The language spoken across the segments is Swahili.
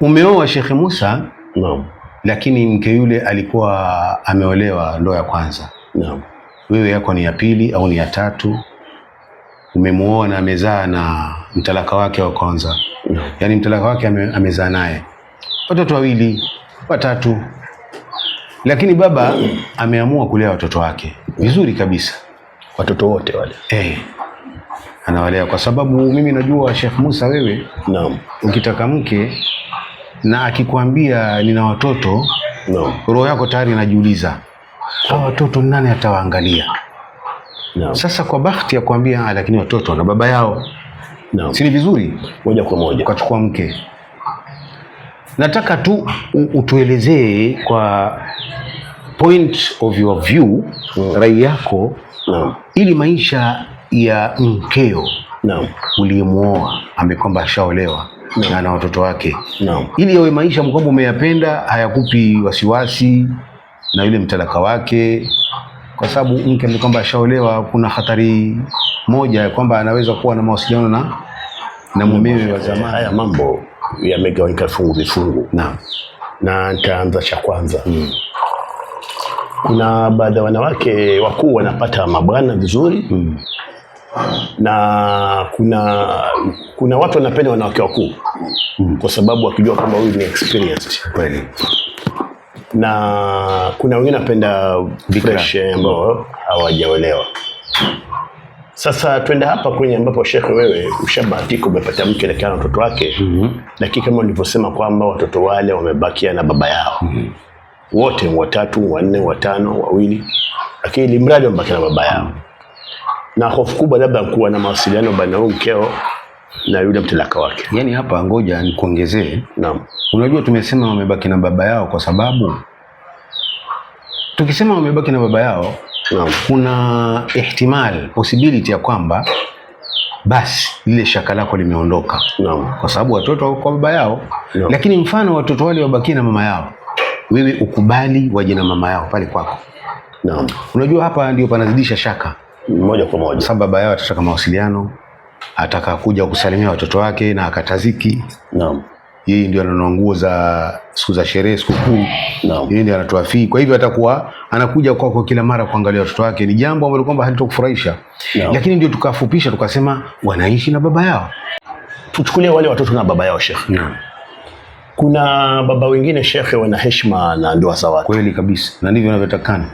Umeoa Shekhe Musa? Naam. Lakini mke yule alikuwa ameolewa ndoa ya kwanza? Naam. Wewe yako ni ya pili au ni ya tatu? Umemuoa na amezaa na mtalaka wake wa kwanza? Naam. Yaani mtalaka wake ame, amezaa naye watoto wawili watatu, lakini baba ameamua kulea watoto wake vizuri kabisa, watoto wote wale eh, anawalea kwa sababu mimi najua Sheikh Musa, wewe naam, ukitaka mke na akikwambia nina watoto no. Roho yako tayari inajiuliza hawa watoto nani atawaangalia? no. Sasa kwa bahati ya kuambia ah, lakini watoto na baba yao no. si ni vizuri moja kwa moja ukachukua mke. Nataka tu utuelezee kwa point of your view mm. rai yako no. ili maisha ya mkeo no. uliyemwoa ambaye kwamba ashaolewa no. na watoto wake no. ili yawe maisha kwamba umeyapenda, hayakupi wasiwasi na yule mtalaka wake, kwa sababu mke ni kwamba ashaolewa. Kuna hatari moja ya kwamba anaweza kuwa na mawasiliano na na mumewe wa zamani. Haya mambo yamegawanyika vifungu vifungu, na na nitaanza cha kwanza mm. Kuna baadhi ya wanawake wakuu wanapata mabwana vizuri mm na kuna kuna watu wanapenda wanawake wakuu mm. kwa sababu wakijua kwamba huyu ni experienced kweli na kuna wengine wanapenda fresh ambao hawajaolewa sasa twende hapa kwenye ambapo shekhe, wewe ushabahatika umepata mke na kana watoto wake mm-hmm. lakini kama ulivyosema kwamba watoto wale wamebakia na baba yao mm-hmm. wote watatu wanne watano wawili, lakini limradi wamebakia na baba yao mm-hmm na hofu kubwa labda kuwa na mawasiliano baina ya mkeo na yule mtalaka wake. Yaani hapa, ngoja nikuongezee. Naam, unajua tumesema wamebaki na baba yao kwa sababu tukisema wamebaki na baba yao naam, kuna ihtimal possibility ya kwamba basi lile shaka lako limeondoka, naam, kwa sababu watoto wako kwa baba yao naam. Lakini mfano watoto wale wabakie na mama yao, wewe ukubali waje na mama yao pale kwako, naam. Unajua hapa ndio panazidisha shaka moja kwa moja, sababu baba yao atataka mawasiliano, ataka kuja kusalimia watoto wake na akataziki. Naam, yeye ndio ananua nguo za siku za sherehe, sikukuu, yeye ndio anatoa fii. Kwa hivyo atakuwa anakuja kwako kwa kila mara kuangalia watoto wake, ni jambo ambalo kwamba halitokufurahisha, lakini ndio tukafupisha tukasema wanaishi na baba yao. Tuchukulie wale watoto na baba yao, Shekhe. Naam. Kuna baba wengine Shekhe, wana heshima na ndoa za watu. Kweli kabisa, na ndivyo inavyotakana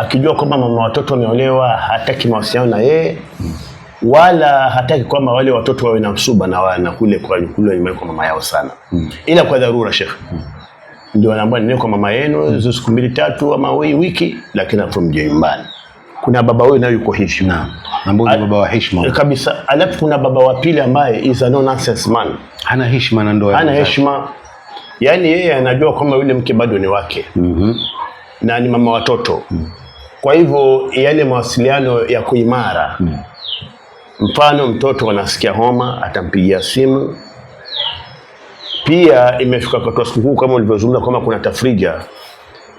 akijua kwamba mama watoto wameolewa, hataki mawasiliano na yeye mm. wala hataki kwamba wale watoto wawe na msuba na wana kule kwa kule nyumbani kwa mama yao sana mm. ila kwa dharura shekhe mm. ndio anaambia nene kwa mama yenu hizo hmm. siku mbili tatu ama wiki, lakini afu mje nyumbani. Kuna baba huyu nayo yuko hivi na ambao ni baba wa heshima eh, kabisa, alafu kuna baba wa pili ambaye is a no nonsense man, hana heshima na ndoa, hana heshima yani, yeye anajua kwamba yule mke bado ni wake mm -hmm. na ni mama watoto mm -hmm kwa hivyo yale mawasiliano ya kuimara hmm. Mfano, mtoto anasikia homa, atampigia simu. Pia imefika wakati sikukuu kama ulivyozungumza kwamba kuna tafrija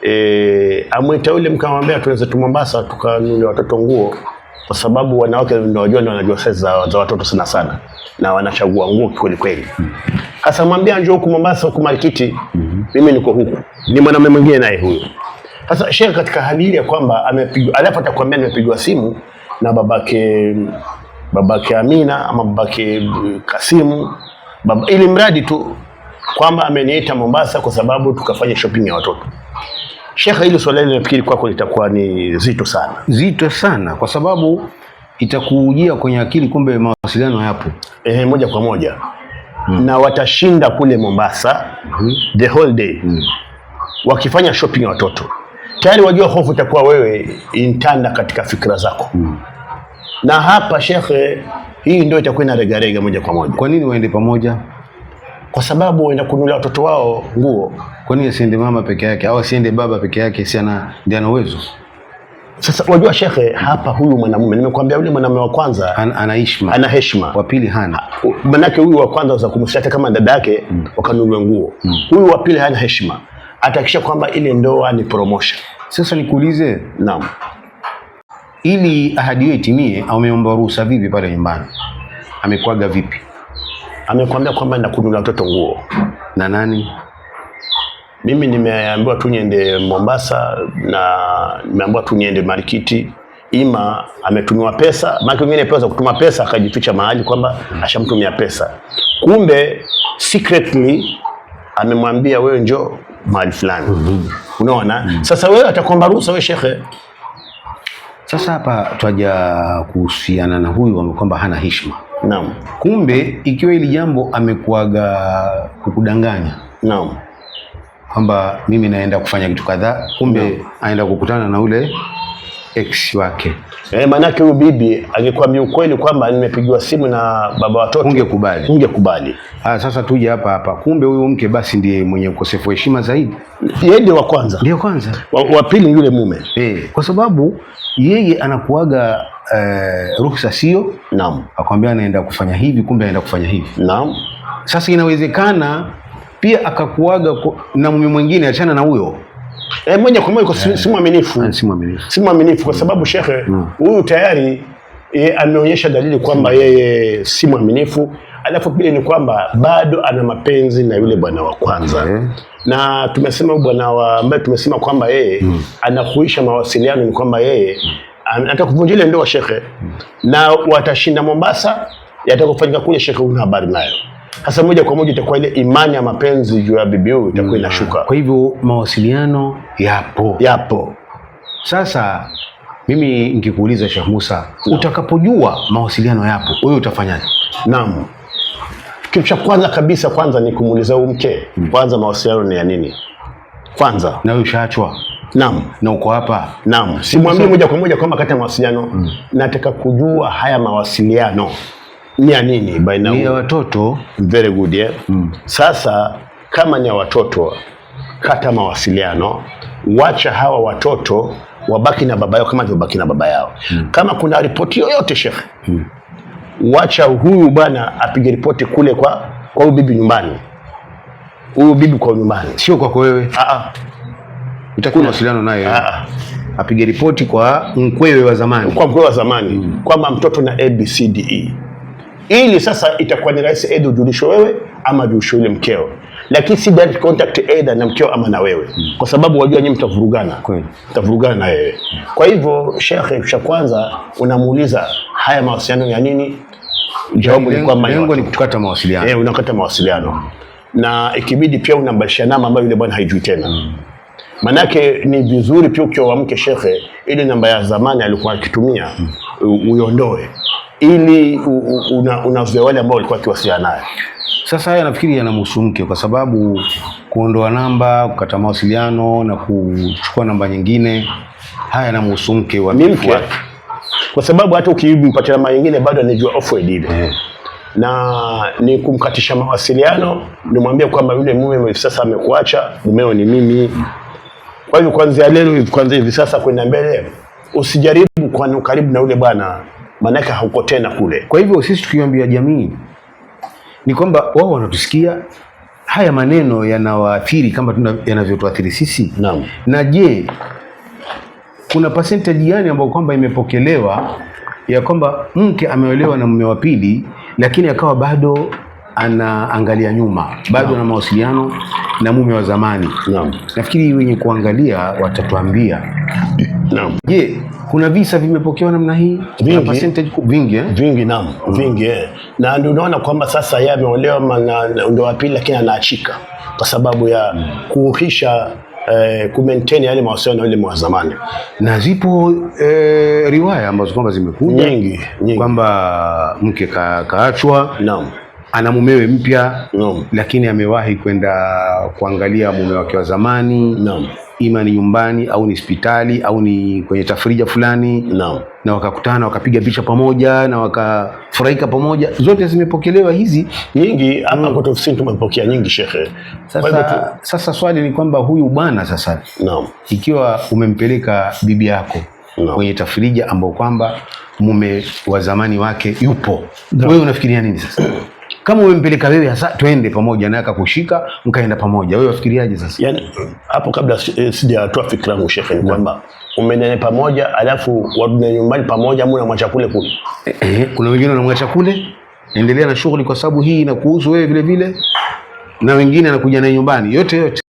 e, amwita yule mkamwambia, tunaweza tu Mombasa tukanunua watoto nguo, kwa sababu wanawake wajua, ndio wanajua saizi za watoto sana sana, na wanachagua nguo kweli kweli. Sasa mm. mwambia, njoo huku Mombasa, huku marikiti, mm-hmm. mimi niko huku. Ni mwanamume mwingine naye huyo sasa shehe katika hadithi ya kwamba amepigwa, alafu atakwambia nimepigwa simu na babake babake Amina ama babake eh, Kasimu baba, ili mradi tu kwamba ameniita Mombasa kwa sababu tukafanya shopping ya watoto. Shekhe, hili swali hili nafikiri kwako litakuwa ni zito sana, zito sana, kwa sababu itakujia kwenye akili, kumbe mawasiliano yapo eh, moja kwa moja hmm. na watashinda kule Mombasa hmm. the whole day hmm. wakifanya shopping ya watoto tayari wajua hofu itakuwa wewe intanda katika fikra zako mm. na hapa shekhe, hii ndio itakuwa inaregarega moja kwa moja. Kwa nini waende pamoja? Kwa sababu waenda kununulia watoto wao nguo. Kwa nini asiende mama peke yake au asiende baba peke yake? Si ndiye ana uwezo sasa wajua shekhe, hapa huyu mwanamume nimekwambia, yule mwanamume wa kwanza An, ana heshima, wa pili hana. Manake huyu wa kwanza waweza kumshata kama dada yake mm. wakanunua nguo mm. huyu wa pili hana heshima, atahakikisha kwamba ile ndoa ni promotion sasa nikuulize, naam, ili ahadi hiyo itimie, ameomba ruhusa vipi pale nyumbani? Amekuaga vipi? Amekwambia kwamba ndakununua watoto nguo na nani? Mimi nimeambiwa tu niende Mombasa na nimeambiwa tu niende marikiti ima ametumiwa pesa, maki wengine pesa kutuma pesa akajificha mahali kwamba ashamtumia pesa, kumbe secretly amemwambia wewe njoo mahali fulani. mm -hmm unaona mm. Sasa wewe atakwamba ruhusa wewe shekhe. Sasa hapa twaja kuhusiana na huyu kwamba hana heshima naam. Kumbe ikiwa hili jambo amekuaga kukudanganya naam, kwamba mimi naenda kufanya kitu kadhaa, kumbe aenda kukutana na ule ex wake. Eh, maanake huyu bibi angekwambia ukweli kwamba nimepigiwa simu na baba watoto, ungekubali? Ungekubali. Ah, sasa tuje hapa hapa, kumbe huyu mke basi ndiye mwenye ukosefu wa heshima zaidi. Yeye ndiye wa kwanza, ndio kwanza, wa pili yule mume eh, kwa sababu yeye anakuaga eh, ruhusa sio? Naam. Akwambia anaenda kufanya hivi, kumbe anaenda kufanya hivi. Naam. Sasa inawezekana pia akakuaga na mume mwingine, achana na huyo eh, moja kwa moja eh. ah, si mwaminifu, si mwaminifu kwa mm. sababu shekhe mm. huyu tayari E, ameonyesha dalili kwamba mm. yeye si mwaminifu, alafu pia ni kwamba bado ana mapenzi na yule bwana wa kwanza eh. Na tumesema bwana wa ambaye tumesema kwamba yeye anakuisha mawasiliano ni kwamba yeye anataka kuvunja ile ndoa shekhe na watashinda Mombasa, yatakofanyika kule shekhe, una habari nayo. Sasa moja kwa moja itakuwa ile imani ya mapenzi juu ya bibi huyu itakuwa mm. inashuka. Kwa hivyo mawasiliano yapo, yapo. Sasa mimi nikikuuliza Sheikh Musa, no. utakapojua mawasiliano yapo, wewe utafanyaje? Naam, kitu cha kwanza kabisa, kwanza ni kumuuliza huyu mke mm. kwanza, mawasiliano ni ya nini kwanza, na wewe ushaachwa Naam, na uko hapa. Naam, simwambie moja kwa moja kwamba kati ya mawasiliano mm. nataka kujua haya mawasiliano ya nini ni ya watoto very good yeah. Mm. Sasa kama ni ya watoto, kata mawasiliano, wacha hawa watoto wabaki na baba yao kama wabaki na baba yao mm. Kama kuna ripoti yoyote shekhe mm. Wacha huyu bwana apige ripoti kule kwa kwa huyu bibi nyumbani, huyu bibi kwa nyumbani, sio kwako wewe. Utakuwa mawasiliano naye eh? apige ripoti kwa mkwewe wa zamani, kwa mkwewe wa zamani mm. kwamba mtoto na ABCDE ili sasa itakuwa ni rahisi aidha ujulishwe wewe ama ujulishwe yule mkeo, lakini si direct contact aidha na mkeo ama na wewe, kwa sababu wajua nyinyi mtavurugana, mtavurugana na wewe. Kwa hivyo, shekhe, cha kwanza unamuuliza haya mawasiliano ya nini? Jawabu ni kwamba lengo ni kukata mawasiliano eh, unakata mawasiliano na ikibidi pia unambadilisha namba ambayo yule bwana haijui tena mm. Manake ni vizuri pia ukiwa wa mke shekhe, ile namba ya zamani alikuwa akitumia mm. uiondoe ili unazuia wale ambao walikuwa wakiwasiliana naye. Sasa haya nafikiri yanamhusu mke, kwa sababu kuondoa namba, kukata mawasiliano na kuchukua namba nyingine, haya yanamhusu mke wa mke, kwa sababu hata ukimpatia namba nyingine bado anajua offered ile yeah na ni kumkatisha mawasiliano, nimwambia kwamba yule mume hivi sasa amekuacha, mumeo ni mimi. Kwa hivyo kuanzia leo, kuanzia hivi sasa kwenda mbele, usijaribu kwa karibu na yule bwana maanake hauko tena kule. Kwa hivyo sisi tukiambia jamii ni kwamba wao wanatusikia, haya maneno yanawaathiri kama yanavyotuathiri sisi. Naam. Na je, kuna percentage gani ambayo kwamba imepokelewa ya kwamba mke ameolewa na mume wa pili, lakini akawa bado anaangalia nyuma bado na mawasiliano na mume wa zamani Naam. Nafikiri wenye kuangalia watatuambia Naam. Je, kuna visa vimepokewa namna hii? Vingi, percentage vingi eh? Vingi naam, mm. Vingi eh. Na ndio unaona kwamba sasa yeye ameolewa ndoa ya pili, lakini anaachika kwa sababu ya mm. kuuhisha Eh, maintain yale mawasiliano yale mwa zamani, na zipo eh, riwaya ambazo kwamba zimekuja nyingi, nyingi, kwamba mke ka, kaachwa naam ana mumewe mpya no. Lakini amewahi kwenda kuangalia mume wake wa zamani no ima ni nyumbani au ni hospitali au ni kwenye tafrija fulani no. na wakakutana wakapiga picha pamoja na wakafurahika pamoja, zote zimepokelewa hizi nyingi hapa mm. Kwetu ofisini tumepokea nyingi shekhe. Sasa, sasa swali ni kwamba huyu bwana sasa no. ikiwa umempeleka bibi yako no. kwenye tafrija ambao kwamba mume wa zamani wake yupo no. wewe unafikiria nini sasa? kama umempeleka wewe hasa, twende pamoja na akakushika mkaenda pamoja, wewe wafikiriaje sasa? Yani hapo kabla e, sijatoa fikra yangu shekhe, ni kwamba umenene pamoja alafu warudi nyumbani pamoja, mna mwacha kule kule. Eh, eh, kuna wengine unamwacha kule, endelea na shughuli, kwa sababu hii inakuhusu wewe vile vile, na wengine anakuja naye nyumbani, yote yote